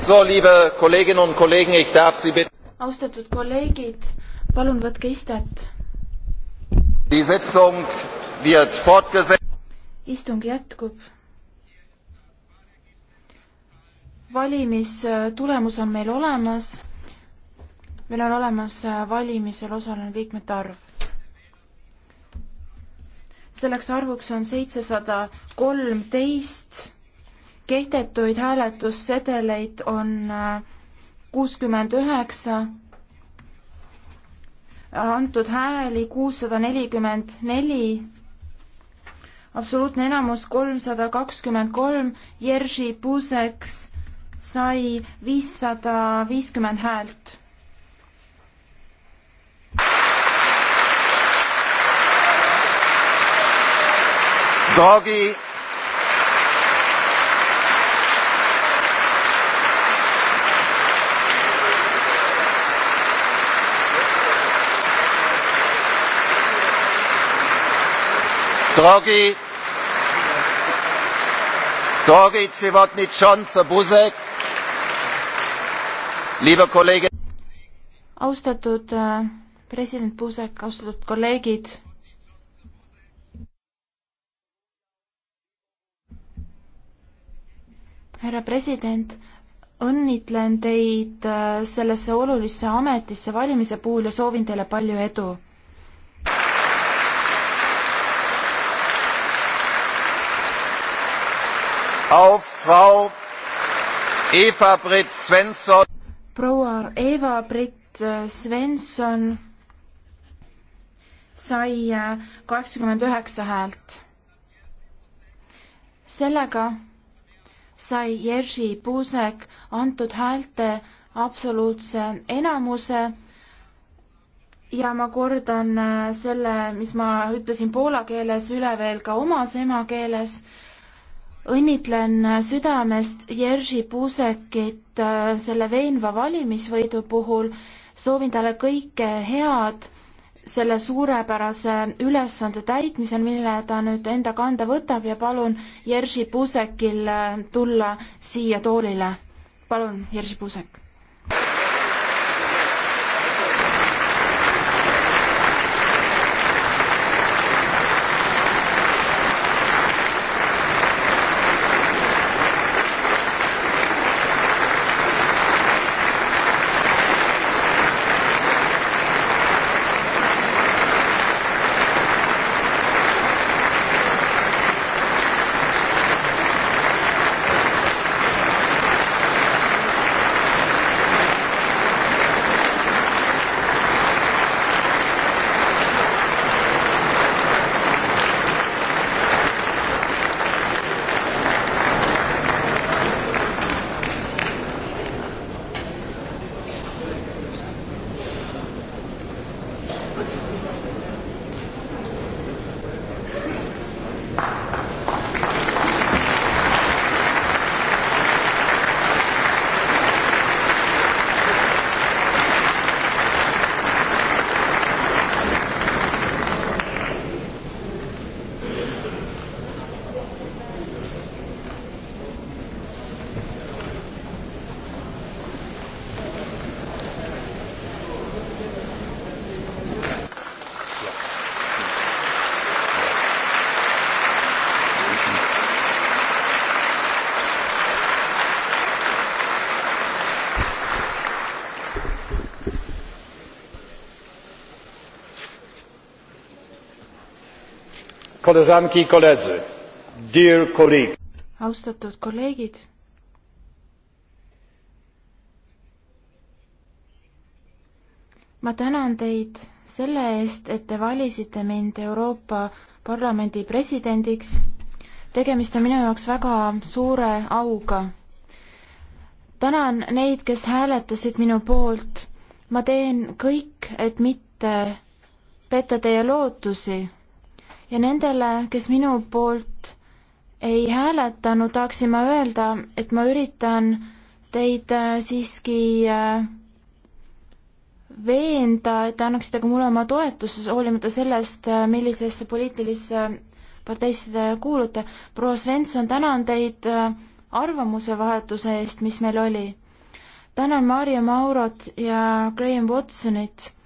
So, liebe Kolleginnen und Kollegen, ich darf Sie bitten. austatud kolleegid, palun võtke istet. Die Sitzung wird fortgesetzt. istung jätkub. valimistulemus on meil olemas. meil on olemas äh, valimisel osalenud liikmete arv selleks arvuks on seitsesada kolmteist kehtetuid hääletussedeleid on äh, kuuskümmend üheksa, antud hääli kuussada nelikümmend neli, absoluutne enamus kolmsada kakskümmend kolm, Jerzy Buzek sai viissada viiskümmend häält Draghi Drogi, Drogi, Tsivotnitšonce, Buzek, liebe kolleegid. austatud äh, president Buzek, austatud kolleegid. härra president, õnnitlen teid äh, sellesse olulisse ametisse valimise puhul ja soovin teile palju edu auf Frau Eva-Britt Svensson. proua Eva-Britt äh, Svensson sai äh, kakskümmend üheksa häält. sellega sai Jerzy Puusek antud häälte absoluutse enamuse ja ma kordan äh, selle, mis ma ütlesin poola keeles üle veel ka omas emakeeles õnnitlen südamest Jerzy Puusekit äh, selle veenva valimisvõidu puhul, soovin talle kõike head selle suurepärase ülesande täitmisel, mille ta nüüd enda kanda võtab ja palun Jerzy Puusekil äh, tulla siia toolile. palun, Jerzy Puusek koleżanki i koledzy, dear colleague. austatud kolleegid. ma tänan teid selle eest, et te valisite mind Euroopa Parlamendi presidendiks. tegemist on minu jaoks väga suure auga. tänan neid, kes hääletasid minu poolt. ma teen kõik, et mitte petta teie lootusi ja nendele, kes minu poolt ei hääletanud, tahaksin ma öelda, et ma üritan teid äh, siiski äh, veenda, et te annaksite ka mulle oma toetuse, hoolimata sellest, äh, millisesse poliitilisse parteisse te kuulute. proua Svensson, tänan teid arvamuse vahetuse eest, mis meil oli. tänan Maarja Maurot ja Graham Watsonit